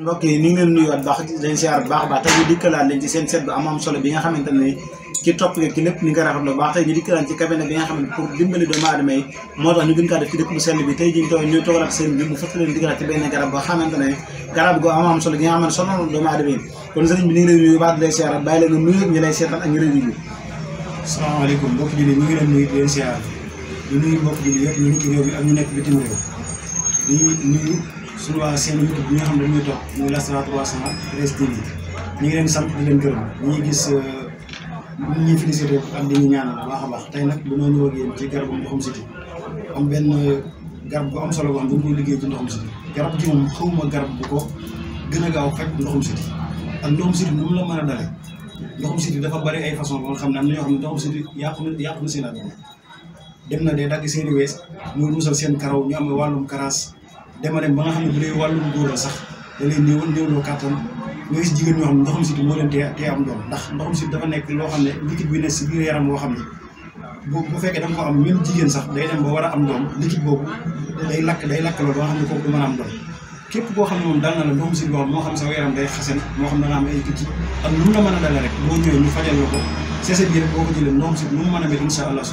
mbokk yi ñu ngi leen nuyuwaat baax leen siyaar baax baax tey ñu dikkalaat leen ci seen seet bu am solo bi nga xamante ne ci topp ki lépp ñu nga rafetlu baax tey ñu dikkalaat ci bi nga xam ne bi tey jii ngi leen baax ngi leen nuyu di leen siyaar ñu ñu suñu waa seen YouTube bi nga xam ne dañuy topp muy Lasrar 313 TV ngi leen sant di leen gërëm ñu ngi gis ñu euh, ñuy félicité ak di ñu ñaanal bu baax a baax tey nag dañoo ñëw ak yéen ci garabu ndoxum siti am benn euh, garab bu am solo boo xam ne dañu liggéey ci ndoxum siti garab gi moom xawma garab bu ko gën gaaw faj ndoxum siti ak ndoxum siti mu la mën a ndoxum siti dafa bari ay façon xam na xam ndoxum na na seen dem na seen seen karaw ñu am dema dem ba nga xam ne bu dee wàllum góor la sax da lay néew néewloo kàttan nga gis jigéen ñoo xam ne ndoxum siti moo am doom ndax ndoxum siti dafa nekk loo xam ne liquide boo xam ne bu bu fekkee da nga ko jigéen sax day dem war a am doom liquide boobu day lakk lakk loolu ba nga xam ne kooku du am doom képp koo xam ne moom dal na la ndoxum moo xam sa yaram day xasen am ay kicci ak a dale boo ñëwee ñu fajal la ko seese bi rek boo ko jëlee ndoxum siti nu mu mën ko saafara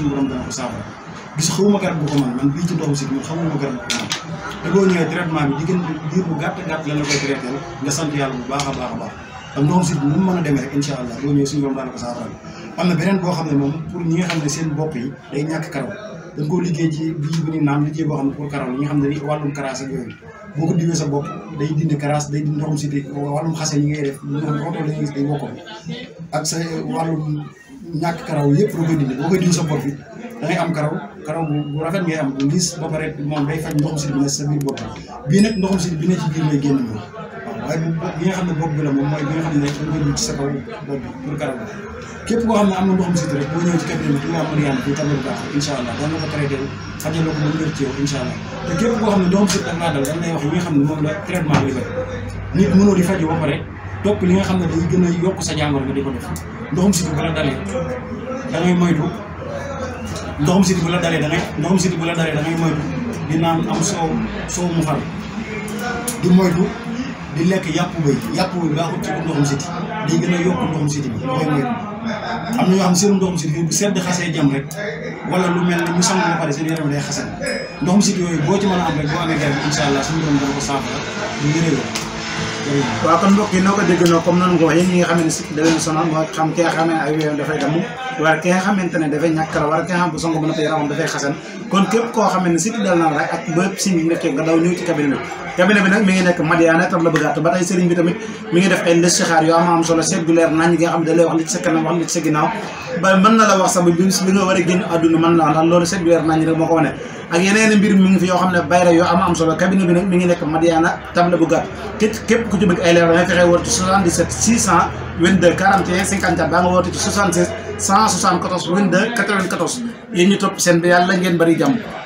garab bu ko man man bii ci ndoxum siti man xawuma garab bu ko man te boo ñëwee traitement bi jigéen diir bu gàtt gàtt lan la koy traité nga sant yàlla bu baax a baax a baax ak ndoxam si nu mu mën a demee rek incha allah xam ne pour ñi nga xam ne seen bopp yi day ñàkk karaw dañ liggéey ci bii bu ni naam liggéey boo xam ne pour karaw li nga xam ne wàllum karaas ak yooyu boo ko diwee sa bopp day dindi karaas day dindi ndoxam si te wàllum xase yi ngay def ndoxam oto la ñuy gis day bokkoon ak sa wàllum ñàkk karaw yëpp boo koy dindi boo koy dindi sa bopp bi da ngay am karaw karaw bu rafet ngay am bu gis ba pare moom day faj ndoxum si bi ne sa biir bopp bii nag ndoxum si bi ne ci biir lay génn moom waaw waaye bu bi nga xam ne bopp bi la moom mooy bi nga xam ne rek dañ koy dugg ci sa kaw bopp bi pour karaw képp koo xam ne am na ndoxum si rek boo ñëwee ci cabinet bi nga am Mariane bi tamit baax incha allah dana ko traité ko mën wér ci yow incha te képp koo xam ndoxum si daf laa dal dañ lay wax yi nga xam ne la traitement bi faj nit mënoo di faju ba pare topp li nga xam ne day gën a sa jàngoro nga di def ndoxum si bi bala dalee da ngay moytu ndoxum siti bu la dalee da ngay ndoxum siti bu la dalee da moytu di naan am soow soow mu far di moytu di lekk yàpp bëy yàpp bëy baaxut ci ndoxum siti di gën a yokk ndoxum siti bi am na ñoo xam seen ndoxum siti bi bu sedd xasee jam rek wala lu mel ñu sang ba pare seen yaram day xasal ndoxum siti yooyu boo ci mën a am rek boo amee garab incha allah suñu da dana ko saafara ñu ngi réew waaw kon mbokk yi noo ko dégg noo comme noonu ko waxee ñi nga xamante ne sikk da leen sonal xam ki nga ne ay wéyam dafay damm wala ki nga ne dafay ñàkk la wala dafay xasan bi tamit mi ngi def ay listixaar yoo am am solo seet gu nañ nga xam ne wax li sa kanam wax li sa ginnaaw ba mën na la wax sax bi bi nga war a génn àdduna mën na ndax loolu seet gu nañ moo ko wane ak yeneen mbir mi ngi fi yoo xam ne bayra yoo am am solo cabinet bi nekk ci bëgg ay leeral nga fexe woote ci 77 622 41 54 baa nga woote ci 76 174 22 94 yéen ñu topp seen bi yàlla ngeen bari jàmm